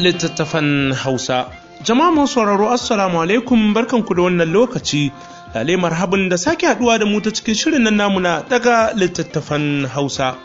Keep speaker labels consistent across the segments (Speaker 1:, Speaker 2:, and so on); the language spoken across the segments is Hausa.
Speaker 1: littattafan Hausa. Jama'a masu sauraro Assalamu alaikum barkanku da wannan lokaci. Lale marhabin da sake haɗuwa da mu ta cikin shirin nan namu daga littattafan Hausa.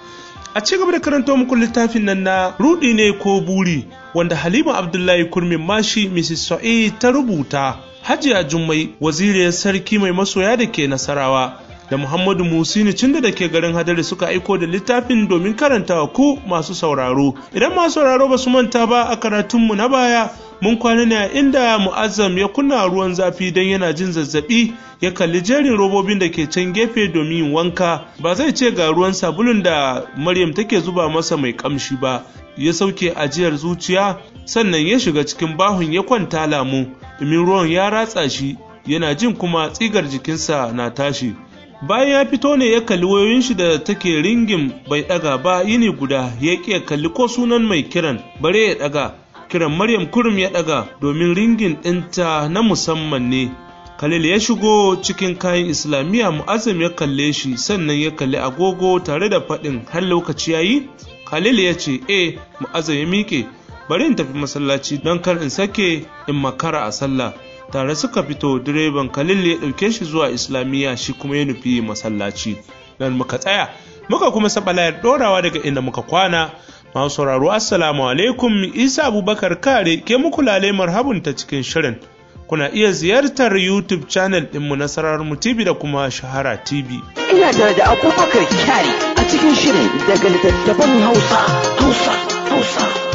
Speaker 1: A ci gaba da karanto muku littafin nan na rudi ne ko buri wanda Halima Abdullahi Kurmin Mashi Mrs. Sa'i ta rubuta. Hajiya Jummai waziriyar sarki mai masoya da ke Nasarawa da Muhammadu Musini Cinda da ke garin Hadari suka aiko da littafin domin karantawa ku masu sauraro. Idan masu sauraro ba su manta ba a karatunmu na baya mun kwana ne a inda Mu'azzam ya kunna ruwan zafi don yana jin zazzabi ya kalli jerin robobin da ke can gefe domin yin wanka ba zai ce ga ruwan sabulun da Maryam take zuba masa mai kamshi ba ya sauke ajiyar zuciya sannan ya shiga cikin bahun ya kwanta lamu domin ruwan ya ratsa shi yana jin kuma tsigar jikinsa na tashi bayan ya fito ne ya kalli wayoyin shi da take ringin bai daga ba yini guda ya ki kalli ko sunan mai kiran bare ya daga kiran maryam kurum ya daga domin ringin ɗinta na musamman ne khalil ya shigo cikin kayan islamiyya mu'azzam ya kalle shi sannan ya kalli agogo tare da faɗin har lokaci yayi khalil ya ce eh mu'azzam ya miƙe bari in tafi masallaci don kar in sake in makara a sallah tare suka fito direban khalil ya dauke shi zuwa islamiyya shi kuma ya nufi masallaci nan muka tsaya muka kuma saba layar dorawa daga inda muka kwana masu sauraro assalamu alaikum isa abubakar kare ke muku lalai marhabun ta cikin shirin kuna iya ziyartar youtube channel ɗinmu na mu tv da kuma shahara tv ina da abubakar kare a cikin shirin daga littattafan hausa hausa hausa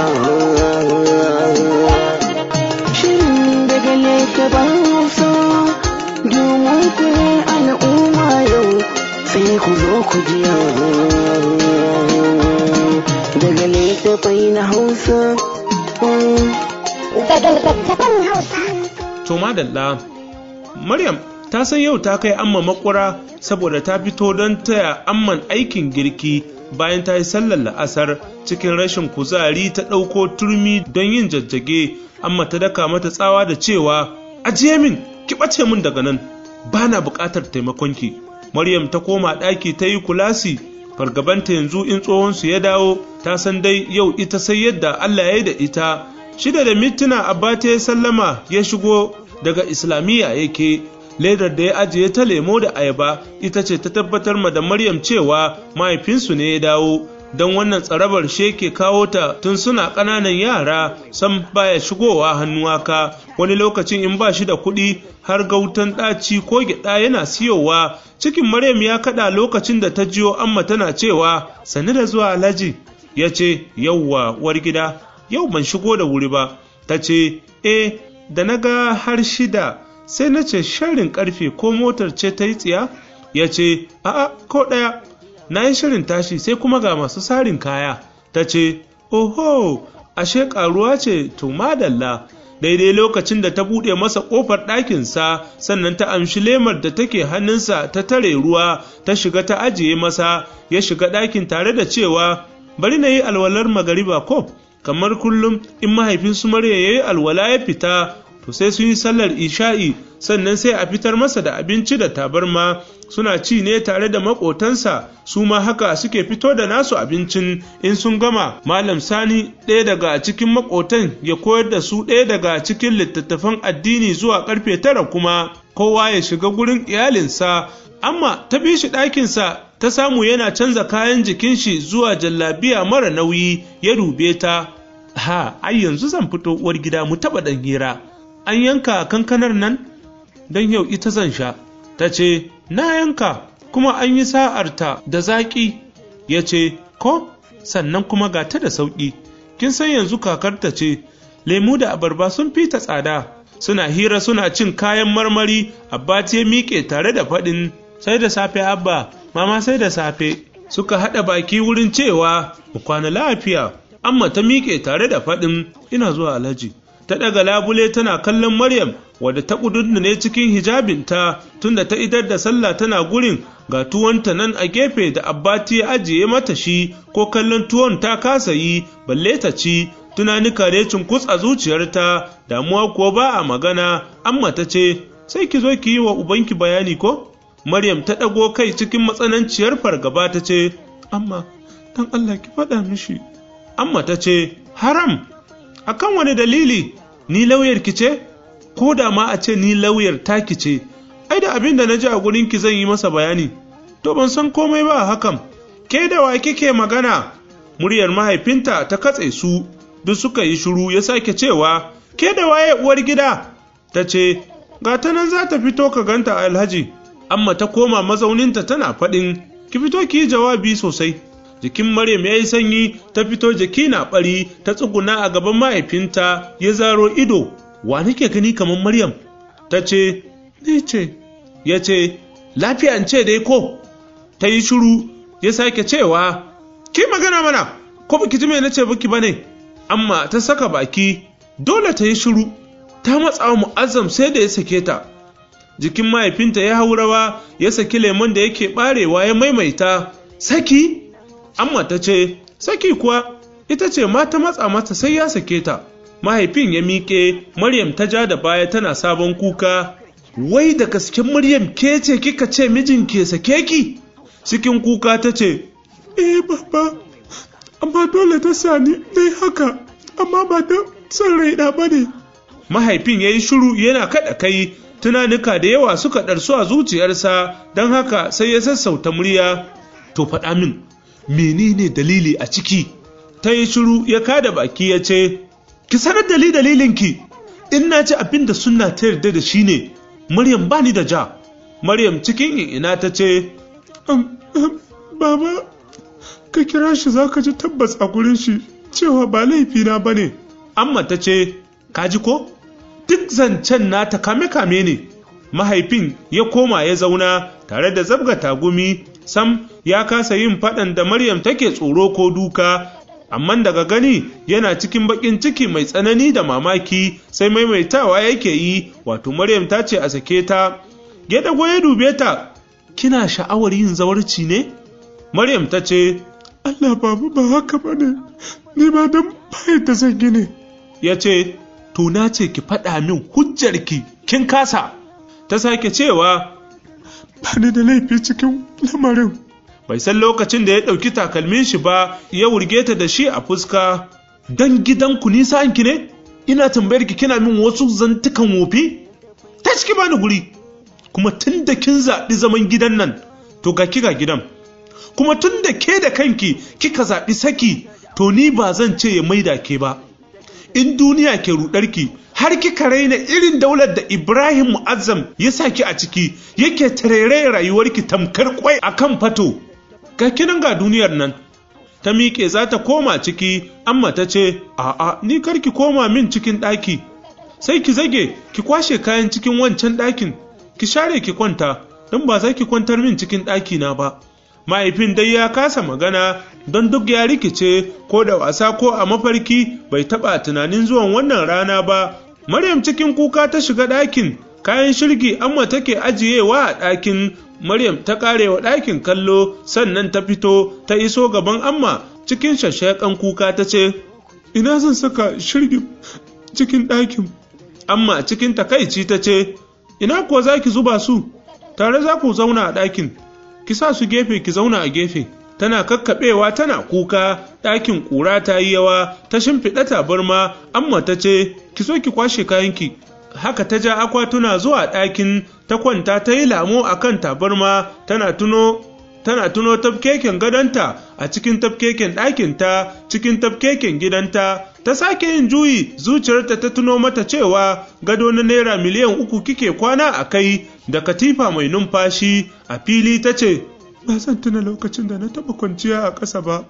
Speaker 1: na Hausa. To madalla, Maryam ta san yau ta kai amma makwara saboda ta fito don taya amman aikin girki bayan ta yi sallar la'asar cikin rashin kuzari ta ɗauko turmi don yin jajjage amma ta daka mata tsawa da cewa ajiye min ki ɓace min daga nan ba na buƙatar taimakonki maryam ta koma ɗaki ta yi kulasi fargabanta yanzu in tsohon su ya dawo ta san dai yau ita sai yadda Allah ya yi da ita shida da mintuna ta ya sallama ya shigo daga islamiyya yake ledar da ya ajiye ta lemo da ayaba ita ce ta tabbatar ma da maryam cewa mahaifinsu ne ya dawo don wannan tsarabar sheke kawo ta tun suna ƙananan yara sam baya shigowa hannu haka wani lokacin in ba shi da kuɗi har gautan ɗaci ko gyaɗa yana siyowa cikin maryam ya kaɗa lokacin da ta jiyo amma tana cewa sani da zuwa alhaji ya ce yauwa war gida yau ban shigo da wuri ba ta ce e da na ga har shida sai na ce shirin karfe ko motar ce ta yi tsiya ya ce a'a ko ɗaya na yi shirin tashi sai kuma ga masu sarin kaya ta ce oho ashe karuwa ce to madalla daidai lokacin da ta buɗe masa ƙofar ɗakinsa sannan ta amshi lemar da take hannunsa ta tare ruwa ta shiga ta ajiye masa ya shiga ɗakin tare da cewa bari na yi alwalar magariba kof kamar kullum in mahaifin su marya ya yi alwala ya fita to sai sun yi sallar isha'i sannan sai a fitar masa da abinci da tabarma suna ci ne tare da makotansa su ma haka suke fito da nasu abincin in sun gama malam sani ɗaya daga cikin makotan ya koyar da su ɗaya daga cikin littattafan addini zuwa karfe tara kuma kowa ya shiga gurin iyalinsa amma ta bi shi ɗakinsa ta samu yana canza kayan jikin shi zuwa jallabiya mara nauyi ya rube ta ha ai yanzu zan fito uwar gida mu taɓa ɗan hira an yanka kankanar nan don yau ita zan sha ta ce na yanka kuma an yi sa'arta da zaƙi ya ce ko sannan kuma ga ta da sauƙi kin san yanzu kakarta ce lemu da abarba sun fi ta tsada suna hira suna cin kayan marmari abba ce miƙe tare da faɗin sai da safe abba mama sai da safe suka haɗa baki wurin cewa mu kwana lafiya amma ta miƙe tare da faɗin ina zuwa alhaji ta ɗaga labule tana kallon maryam wadda ta ƙudurna ne cikin hijabinta tunda ta idar da sallah tana gurin ga tuwonta nan a gefe da abbati ya ajiye mata shi ko kallon tuwon ta kasa yi balle ta ci tunani kare cunkus a zuciyarta damuwa ko ba a magana amma ta ce sai ki zo ki yi wa ubanki bayani ko maryam ta ɗago kai cikin matsananciyar fargaba ta ce amma dan allah ki faɗa mishi amma ta ce haram akan wani dalili ni lauyarki ce ko da ma a ce ni lauyar taki ce ai da abin da na ji a gurinki zan yi masa bayani to ban san komai ba hakan ke da wa kike magana muryar mahaifinta ta katse su duk suka yi shiru ya sake cewa ke da waye uwar gida ta ce ga ta nan za ta fito ka ganta a alhaji amma ta koma mazauninta tana faɗin ki fito ki yi jawabi sosai jikin maryam ya yi sanyi ta fito jiki na ɓari ta tsuguna a gaban mahaifinta ya zaro ido wa nake gani kamar maryam ta ce ni ce ya ce lafiya ce dai ko ta yi shiru ya sake cewa ki magana mana ko baki ji me nace baki bane amma ta saka baki dole ta yi shiru ta matsa wa mu'azzam sai da ya sake ta jikin mahaifinta ya haurawa ya saki lemon da yake barewa ya maimaita saki amma ta ce saki kuwa ita ce ma ta matsa mata sai ya sake ta mahaifin ya miƙe maryam ta ja da baya tana sabon kuka wai da gasken maryam ke ce kika ce mijin ke sake ki cikin kuka ta ce eh baba amma dole ta sani dai haka amma ba ta son raina ba ne mahaifin ya yi shiru yana kaɗa kai tunanuka da yawa suka ɗarsu a zuciyarsa don haka sai ya sassauta murya to faɗa min menene dalili a ciki ta yi shiru ya kada baki ya ce ki sanar da ki. dalilinki in na ci abin da sunna ta yarda da shi ne maryam ba ni da ja maryam cikin ina ta ce baba ka kira shi za ka ji tabbas a gurin shi cewa ba laifi na ba ne amma ta ce ka ji ko duk zancen nata kame-kame ne mahaifin ya koma ya zauna tare da zabga tagumi sam ya kasa yin faɗan da maryam take tsoro ko duka amma daga gani yana cikin baƙin ciki mai tsanani da mamaki sai maimaitawa yake yi wato maryam ta ce a sake ta gedago ya dube ta kina sha'awar yin zawarci ne maryam ta ce allah babu ba haka ba ne ni ba don bayan ta zan gine ya ce to na ce ki faɗa min hujjarki kin kasa ta sake cewa ba ni da laifi cikin lamarin bai san lokacin da ya ɗauki takalmin shi ba ya wurge ta da shi a fuska dan gidanku nisa ki ne ina tambayar ki kina min wasu zantukan wofi ta ciki bani guri kuma tun da kin zaɓi zaman gidan nan to ga ki ga gidan kuma tun da ke da kanki kika zaɓi saki to ni ba zan ce ya maida ke ba in duniya ke ruɗarki har kika raina irin daular da Ibrahim Mu'azzam ya saki a ciki yake tarere rayuwarki tamkar kwai akan fato ga kinan ga duniyar nan ta miƙe za ta koma ciki amma ta ce a'a ni kar ki koma min cikin ɗaki sai ki zage ki kwashe kayan cikin wancan ɗakin ki share ki kwanta don ba za ki kwantar min cikin ɗaki na ba mahaifin dai ya kasa magana don duk ya rikice ko da wasa ko a mafarki bai taɓa tunanin zuwan wannan rana ba maryam cikin kuka ta shiga ɗakin kayan shirgi amma take ajiyewa a ɗakin maryam ta wa ɗakin kallo sannan ta fito ta iso gaban amma cikin shashakan kuka ta ce ina zan saka shirgin cikin ɗakin amma cikin takaici ta ce ina kuwa za ki zuba su tare za ku zauna a ɗakin ki sa su gefe ki zauna a gefe tana kakkaɓewa tana kuka ɗakin ƙura ta yi yawa ta shimfiɗa tabarma amma ta ce ki so ki kwashe kayanki haka ta ja akwatuna zuwa ɗakin ta kwanta ta yi lamo a kan tabarma tana tuno tana tuno tafkeken gadonta a cikin tafkeken ɗakinta cikin tafkeken gidanta ta sake yin juyi zuciyarta ta tuno mata cewa gado na naira miliyan uku kike kwana a kai da katifa mai numfashi a fili ta ce ba zan tuna lokacin da na taɓa kwanciya a ƙasa ba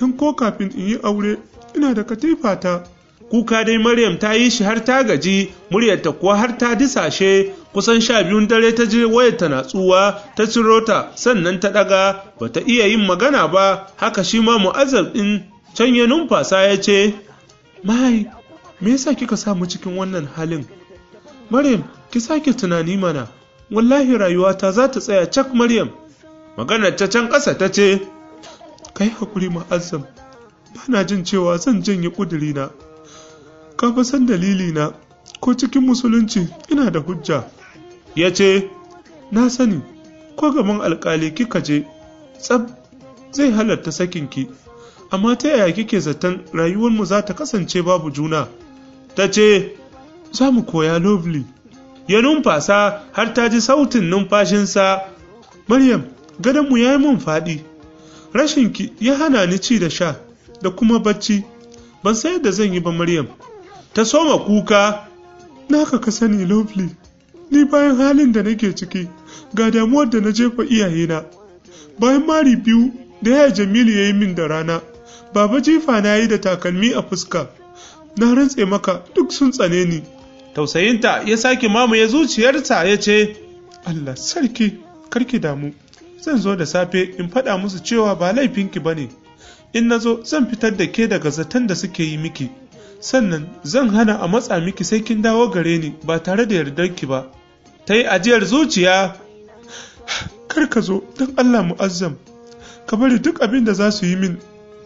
Speaker 1: don ko kafin in yi aure ina da katifata kuka dai maryam ta yi shi har ta gaji muryarta kuwa har ta disashe kusan sha biyun dare ta je wayar ta natsuwa ta ciro ta sannan ta daga ta iya yin magana ba haka shi ma mu'azzab ɗin can ya numfasa ya ce mai me yasa kika sa mu cikin wannan halin maryam ki sake tunani mana wallahi rayuwata za ta tsaya cak maryam maganar ta can ƙasa ta ce kai hakuri mu'azzam ba jin cewa zan janye ƙudurina ka san dalili na ko cikin musulunci ina da hujja ya ce na sani ko gaban alkali kika je tsab zai halatta sakinki amma ta yaya kike zaton rayuwarmu za ta kasance babu juna ta ce za mu koya lovely ya numfasa har ta ji sautin numfashinsa maryam gadonmu ya yi mun faɗi rashinki ya hana ni ci da sha da kuma bacci ban san yadda zan yi ba maryam ta soma kuka naka ka sani lovely ni bayan halin da nake ciki ga damuwar da na jefa iyayena bayan mari biyu da ya jamilu ya yi min da rana baba jifa na yi da takalmi a fuska na rantse maka duk sun tsane ni tausayinta ya sake mamaye zuciyarta ya ce allah sarki karki damu zan zo da safe in faɗa musu cewa ba laifinki ba ne in na zo zan fitar da ke daga zaton da suke yi miki sannan zan hana a matsa miki sai kin dawo gare ni ba tare da yardar ki ba ta yi ajiyar zuciya kar ka zo don allah mu'azzam ka bari duk abin da za su yi min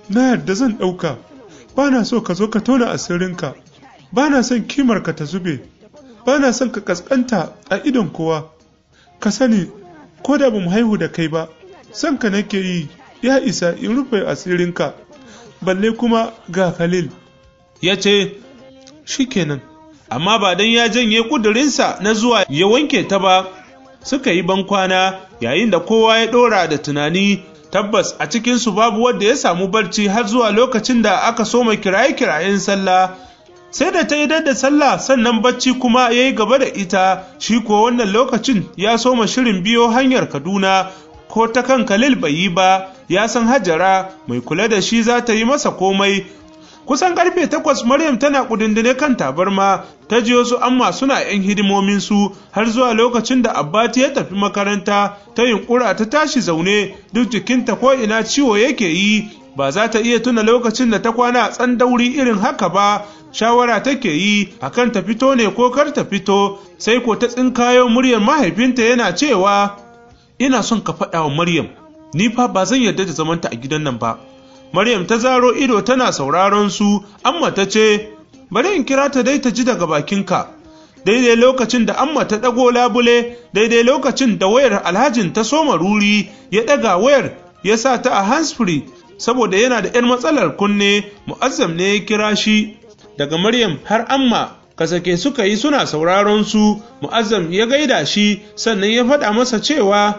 Speaker 1: na yarda zan ɗauka ba na so ka zo ka tona asirinka ba na son ka ta zube ba na son ka kaskanta a idon kowa ka sani ko da ba mu haihu da kai ba son ka nake yi ya isa in rufe asirinka balle kuma ga khalil ya ce shi kenan amma ba don ya janye kudurinsa na zuwa ya wanke ta ba suka yi bankwana yayin da kowa ya ɗora da tunani tabbas a cikinsu babu wanda ya samu barci har zuwa lokacin da aka soma kiraye-kirayen sallah sai da ta yi da sallah sannan barci kuma ya yi gaba da ita shi ko wannan lokacin ya soma shirin biyo hanyar kaduna ko ta kan kalil bai yi ba ya san hajara mai kula da shi za ta yi masa komai kusan karfe takwas maryam tana kudindine kan tabarma ta jiyo su amma suna yan hidimomin su har zuwa lokacin da abbati ya tafi makaranta ta yunkura ta tashi zaune duk jikinta ko ina ciwo yake yi ba za ta iya tuna lokacin da ta kwana a tsandauri irin haka ba shawara take yi a kan ta fito ne ko kar ta fito sai ko ta tsinkayo muryar mahaifinta yana cewa ina son ka faɗa wa maryam ni fa ba zan yarda da zamanta a gidan nan ba maryam ta zaro ido tana sauraron su amma ta ce bari in kira ta dai ta ji daga bakinka daidai lokacin da amma ta ɗago labule daidai lokacin da wayar alhajin ta soma ruri ya ɗaga wayar ya sa ta a handsfree saboda yana da 'yan matsalar kunne mu'azzam ne ya kira shi daga maryam har amma kasake suka yi suna sauraron su mu'azzam ya gaida shi sannan ya faɗa masa cewa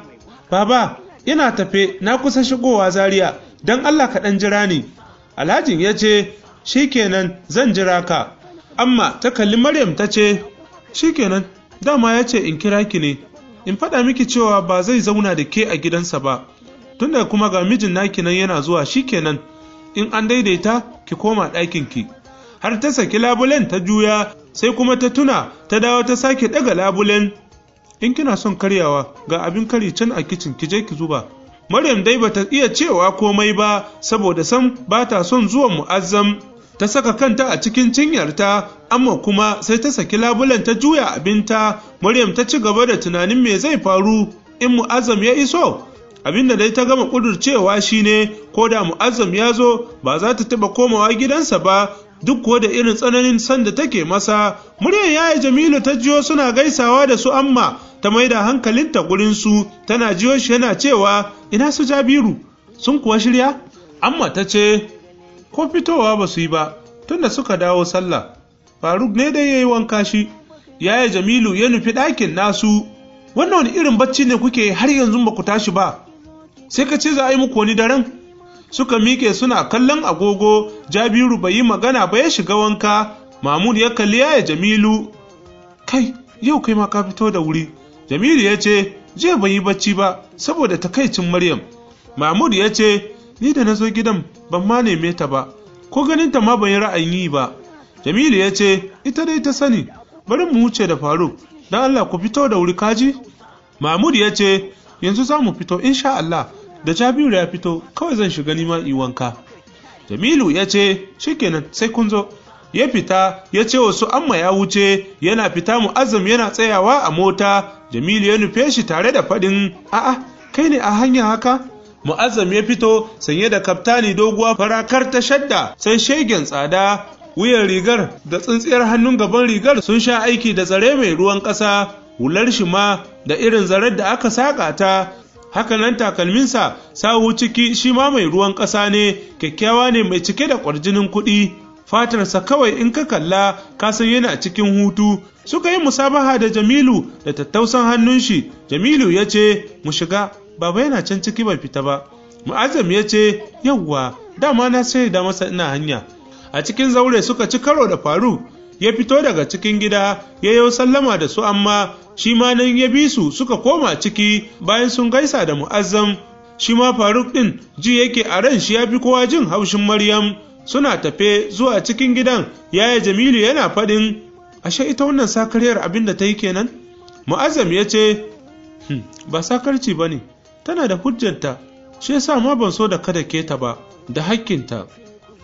Speaker 1: baba ina tafe na kusa shigowa zaria don Allah ka ɗan jira ni alhajin ya ce shi kenan, zan jira ka amma ta kalli maryam ta ce shi kenan dama ya ce in kira ki ne in faɗa miki cewa ba zai zauna da ke a gidansa ba tunda kuma ga mijin naki nan yana zuwa shi kenan in an daidaita ki koma ɗakinki har ta saki labulen ta juya sai kuma ta tuna ta dawo ta sake ɗaga labulen in kina son karyawa ga abin kari can a kicin ki je ki zuba Maryam dai bata iya cewa komai ba saboda san ba ta son zuwa mu'azzam ta saka kanta a cikin cinyarta amma kuma sai ta saki labulen ta juya abinta Maryam ta ci gaba da tunanin me zai faru in mu'azzam ya iso abinda dai ta gama kudurcewa shine ko da mu'azzam ya zo ba za ta taba komawa gidansa ba duk kuwa da irin tsananin san da take masa ya yaya jamilu ta jiyo suna gaisawa da su amma ta maida hankalinta su tana jiyo shi yana cewa ina su jabiru sun kuwa shirya amma ta ce ko fitowa ba su yi ba tunda suka dawo sallah faruk ne dai ya yi wanka shi yaya jamilu ya nufi ɗakin nasu wannan wani irin bacci ne kuke har yanzu ba ku tashi ba sai ka ce za a yi muku wani daren suka miƙe suna kallon agogo jabiru bai yi magana ba ya shiga wanka mahmud ya kalli yaya jamilu kai yau kai ma ka fito da wuri Jamilu ya ce jiya ban yi bacci ba saboda takaicin Maryam. Mahmud ya ce ni da na zo gidan ban ma neme ta ba ko ganin ta ma ban yi ra'ayin yi ba. Jamilu ya ce ita dai ta sani bari mu wuce da Faruk don Allah ku fito da wuri kaji. Mahmud ya ce yanzu za mu fito insha Allah da Jabiru ya fito kawai zan shiga nima in wanka. Jamilu ya ce shikenan sai kun zo. ya fita ya ce wasu amma ya wuce yana fita mu azam yana tsayawa a mota Jamilu ya nufe shi tare da faɗin a'a kai ne a hanya haka mu'azzam ya fito sanye da kaftani doguwa farakar ta shadda sai shegen tsada wuyan rigar da tsintsiyar hannun gaban rigar sun sha aiki da tsare mai ruwan ƙasa hular shi ma da irin zarar da aka saƙa ta Haka nan takalminsa sahu ciki shi ma mai ruwan ƙasa ne kyakkyawa ne mai cike da ƙwarjinin kuɗi fatarsa kawai in ka kalla ka san yana cikin hutu suka yi musabaha da Jamilu da tattausan hannun shi Jamilu ya ce mu shiga baba yana can ciki bai fita ba Mu'azzam ya ce yawwa dama na sai da masa ina hanya a cikin zaure suka ci karo da faru ya fito daga cikin gida ya yau sallama da su amma shi ma nan ya bi su suka koma ciki bayan sun gaisa da mu'azzam shi ma faruk din ji yake a ran shi ya fi kowa jin haushin maryam suna tafe zuwa cikin gidan yaya jamilu yana faɗin ashe ita wannan sakariyar abin da ta yi kenan mu'azzam ya ce hmm, ba sakarci ba ne tana da hujjanta shi yasa ma ban so da kada ke ta ba da hakkinta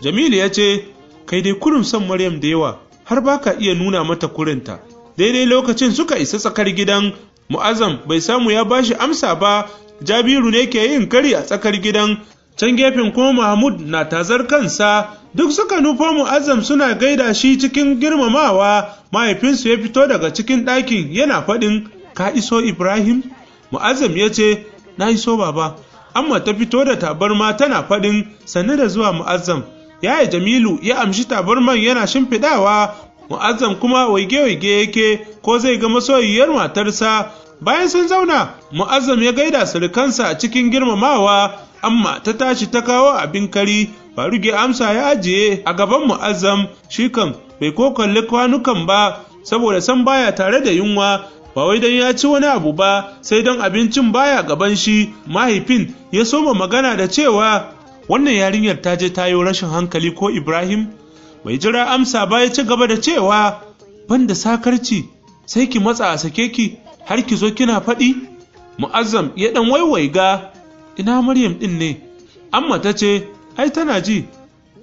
Speaker 1: jamilu ya ce kai dai kurum son maryam da yawa har ba ka iya nuna mata kurinta daidai lokacin suka isa tsakar gidan mu'azzam bai samu ya bashi amsa ba jabiru ne ke yin kari a tsakar gidan can gefen kuma mahmud na tazar kansa duk suka nufo mu'azzam suna gaida shi cikin girmamawa mahaifinsu ya fito daga cikin ɗakin yana faɗin ka iso ibrahim mu'azzam ya ce na iso baba amma ta fito da tabarma tana faɗin sannu da zuwa mu'azzam yaya jamilu ya amshi tabarman yana shimfiɗawa mu'azzam kuma waige-waige yake ko zai ga masoyiyar matarsa bayan sun zauna mu'azzam ya gaida surukansa a cikin girmamawa amma ta tashi ta kawo abin kari faruge amsa ya ajiye a gaban mu'azzam shi kan bai ko kalli kwanukan ba saboda san baya tare da yunwa ba wai don ya ci wani abu ba sai don abincin baya gaban shi mahaifin ya soma magana da cewa wannan yarinyar ta je ta rashin hankali ko ibrahim bai jira amsa ba ya ci gaba da cewa ban da sakarci sai ki matsa a sake ki har ki zo kina faɗi mu'azzam ya ɗan waiwai ga ina maryam ɗin ne amma ta ce ai tana ji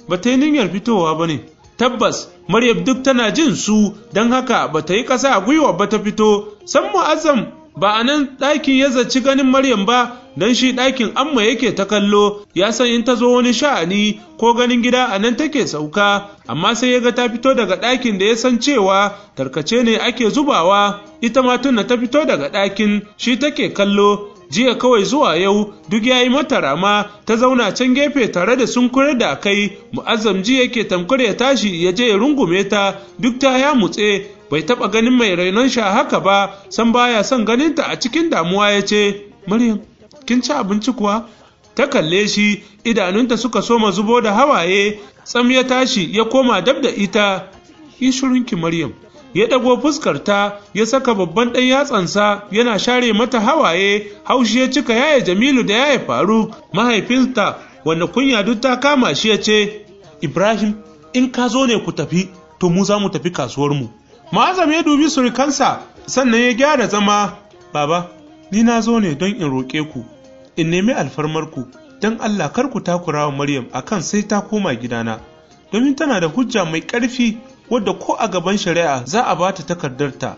Speaker 1: ba ta yi niyyar fitowa ba ne tabbas maryam duk tana jin su don haka ba ta yi ƙasa a gwiwa ba ta fito san mu'azzam ba a nan ɗakin ya zaci ganin maryam ba don shi ɗakin amma yake ta kallo ya san in ta zo wani sha'ani ko ganin gida a nan take sauka amma sai ya ga ta fito daga ɗakin da ya san cewa tarkace ne ake zubawa ita ma tunna ta fito daga ɗakin shi take kallo jiya kawai zuwa yau duk ya yi mata rama ta zauna can gefe tare da kure da kai mu'azzam ji yake tamkar ya tashi ya je ya rungume ta duk ta ya mutse bai taba ganin mai rainon sha haka ba san baya son ganinta a cikin damuwa ya ce maryam kin ci abinci kuwa ta kalle shi idanunta suka soma zubo da hawaye tsam ya tashi ya koma dab da ita yi maryam ya dago fuskarta ya saka babban ɗan yatsansa yana share mata hawaye haushi ya cika yaya jamilu da yaya faru. mahaifinta wanda kunya duk ta kama shi ya ce ibrahim in ka zo ne ku tafi to mu za mu tafi kasuwar mu. ma'azam ya dubi surukansa sannan ya gyara zama baba ni na zo ne don in roƙe ku in nemi alfarmarku don Allah kar ku takura wa Maryam akan sai ta koma gidana domin tana da hujja mai ƙarfi wadda ko a gaban shari'a za a bata takardarta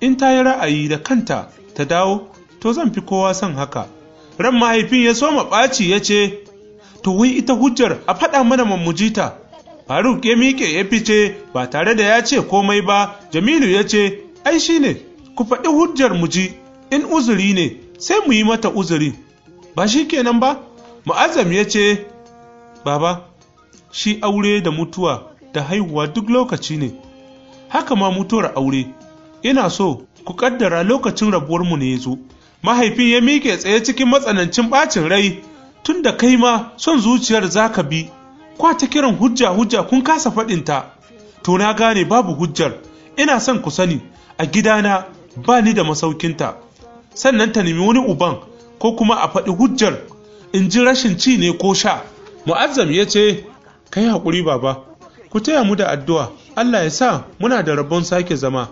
Speaker 1: in ta yi ra'ayi da kanta ta dawo to zan fi kowa son haka ran mahaifin ya soma ɓaci ya ce to wai ita hujjar a faɗa mana ta. faruk ya miƙe ya fice ba tare da ya ce komai ba jamilu ya ce ai shi ne ku faɗi hujjar mu ji in uzuri ne sai mu yi mata uzuri ba shi kenan ba mu'azzam ya ce baba shi aure da mutuwa da haihuwa duk lokaci ne haka ma mutuwar aure ina so ku kaddara lokacin rabuwarmu ne ya zo mahaifin ya miƙe tsaye cikin matsanancin ɓacin rai tun da kai ma son zuciyar za ka bi kwa ta kiran hujja hujja kun kasa faɗinta to na gane babu hujjar ina son ku sani a gidana ba ni da masaukinta sannan ta nemi wani uban ko kuma a faɗi hujjar in ji rashin ci ne ko sha mu'azzam ya ce ka yi haƙuri baba ku taya mu da addu'a allah ya sa muna da rabon sake zama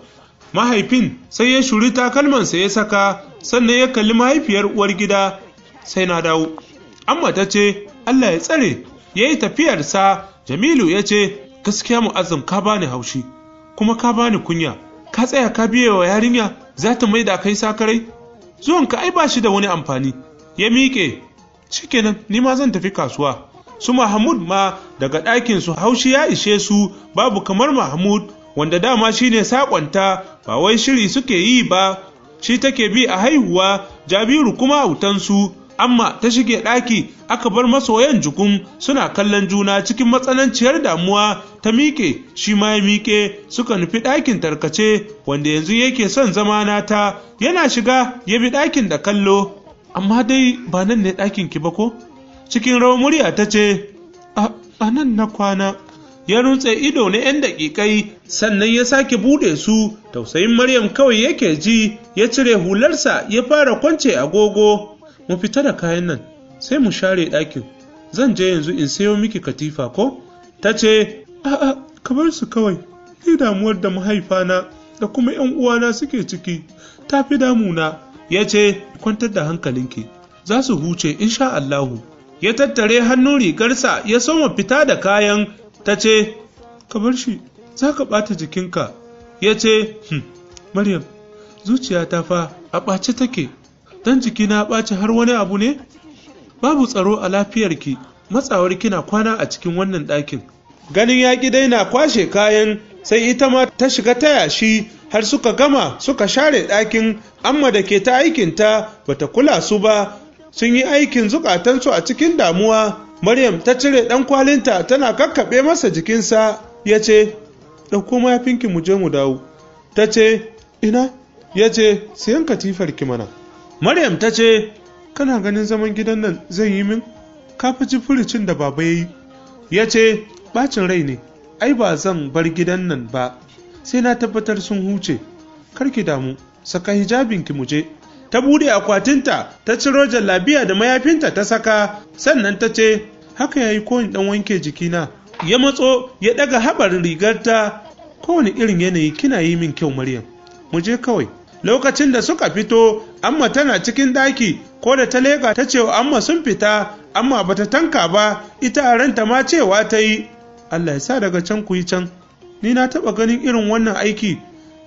Speaker 1: mahaifin sai ya shuri takalmansa ya saka sannan ya kalli mahaifiyar uwar gida sai na dawo amma ta ce allah ya tsare ya yi tafiyarsa jamilu ya ce gaskiya mu'azzam ka bani haushi kuma ka bani kunya ka tsaya ka biye wa yarinya za ta mai da kai sakarai Zuwan ka ai ba shi da wani amfani ya miƙe shikenan ni ma zan tafi kasuwa su Mahmud ma daga ɗakin su haushi ya ishe su babu kamar Mahmud wanda dama shine sakonta ba wai shiri suke yi ba shi take bi a haihuwa Jabiru kuma autansu amma ta shige ɗaki aka bar masoyan jukun suna kallon juna cikin matsananciyar damuwa ta miƙe shi ma ya miƙe suka nufi ɗakin tarkace wanda yanzu yake son zama nata yana shiga ya bi ɗakin da kallo amma dai ba nan ne ɗakin ki ba ko cikin rawar murya ta ce a nan na kwana ya rutse ido na 'yan daƙiƙai sannan ya sake buɗe su tausayin maryam kawai yake ji ya cire hularsa ya fara kwance agogo mu fita da kayan nan sai mu share ɗakin zan je yanzu in sayo miki katifa ko ta ce a'a ka bar su kawai ni damuwar da mahaifana da kuma yan uwana suke ciki ta fi damuna ya ce kwantar da hankalinki za su huce insha Allahu ya tattare hannun rigarsa ya soma fita da kayan ta ce ka bar shi za ka ɓata jikinka ya ce hm, maryam zuciya ta fa a ɓace take don jiki na ɓaci har wani abu ne babu tsaro a lafiyar ki. matsawar kina kwana a cikin wannan ɗakin ganin yaƙi dai na kwashe kayan sai ita ma ta shiga ta yashi har suka gama suka share ɗakin amma da ke ta aikinta bata kula su ba sun yi aikin zukatansu a cikin damuwa maryam ta cire ɗan kwalinta tana kakkaɓe masa jikinsa ya ce ɗauko mayafinki mu je mu dawo ta ce ina ya ce siyan katifarki mana maryam ta ce kana ganin zaman gidan nan zai yi min kafa ji furicin da baba ya yi ya ce bacin rai ne ai ba zan bar gidan nan ba sai na tabbatar sun huce karki damu saka hijabinki mu je ta buɗe akwatinta ta ciro labiya da mayafinta ta saka sannan ta ce haka yayi ko in ɗan wanke jikina ya matso ya ɗaga haɓar rigarta kowane irin yanayi kina yi min kyau maryam mu je kawai lokacin da suka fito amma tana cikin ɗaki ko da ta leƙa ta ce amma sun fita amma bata tanka ba ita a ranta ma cewa ta yi allah ya sa daga can ku yi can ni na taɓa ganin irin wannan aiki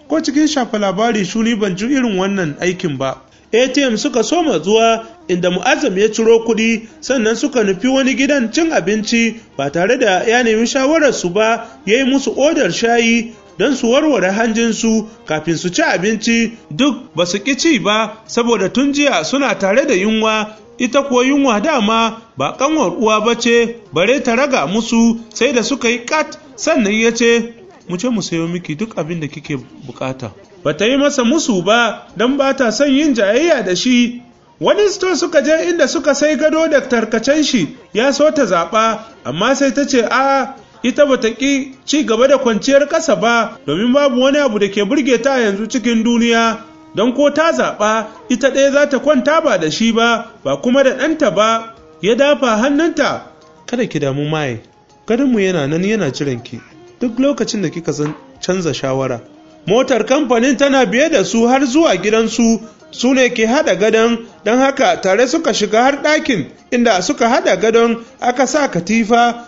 Speaker 1: ko cikin shafa labari shuni ban ju irin wannan aikin ba atm suka soma zuwa inda mu'azzam ya ciro kuɗi sannan suka nufi wani gidan cin abinci ba tare da ya nemi shawararsu ba ya yi musu odar shayi don su warware hanjinsu kafin su ci abinci duk ba su ƙi ci ba saboda tun jiya suna tare da yunwa ita kuwa yunwa dama ba ƙanwar uwa ba ce bare ta raga musu sai da suka yi kat sannan ya ce mu ce mu sayo miki duk abin da kike bukata ba ta yi masa musu ba don ba ta son yin jayayya da shi wani sto suka je inda suka sai gado da tarkacen shi ya so ta zaɓa amma sai ta ce a ita bata ƙi ci gaba da kwanciyar ƙasa ba domin babu wani abu da ke burge ta yanzu cikin duniya don ko ta zaɓa ita ɗaya za ta kwanta ba da shi ba ba kuma da ɗanta ba ya dafa hannunta kada ki damu maye gadonmu yana nan yana jiran ki duk lokacin da kika san canza shawara motar kamfanin tana biye da su har zuwa gidansu su ne ke haɗa gadon don haka tare suka shiga har ɗakin inda suka haɗa gadon aka sa katifa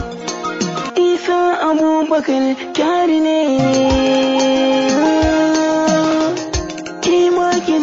Speaker 1: abubakar kyari ne kima ki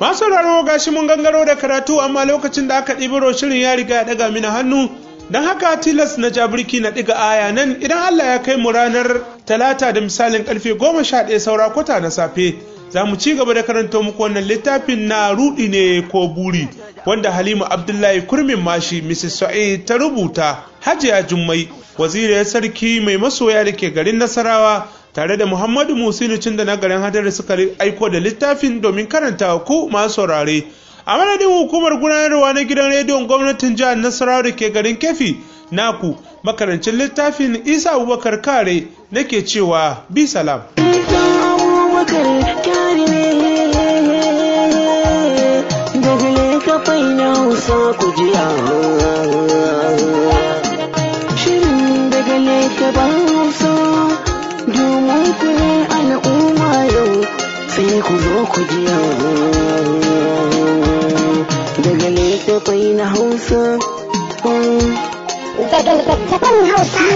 Speaker 1: masu raro gashi mun gangaro da karatu amma lokacin da aka ɗibiro shirin ya riga ya ɗaga mini hannu don haka tilas na jabirki na ɗiga aya nan idan allah ya kai mu ranar talata da misalin karfe goma sha ɗaya saura kwata na safe za mu ci gaba da karanto muku wannan littafin na rudi ne ko buri wanda halima abdullahi kurmin mashi mrs sa'id ta rubuta hajiya jummai Waziriyar sarki mai masoya da ke garin nasarawa tare da muhammadu musinu cin da nagarin garin hadari suka aiko da littafin domin karantawa ku masu saurare a madadin hukumar gudanarwa na gidan rediyon gwamnatin jihar nasarawa da ke garin kefi naku makarancin littafin isa abubakar kare nake cewa bi salam littafai ya hausa ku jiya shirin daga littafan hausa domin ku al'umma yau sai ku zo ku jiya daga littafai na hausa daga littafan hausa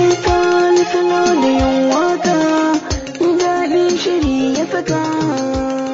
Speaker 1: da yin waka daɗin shiri ya saka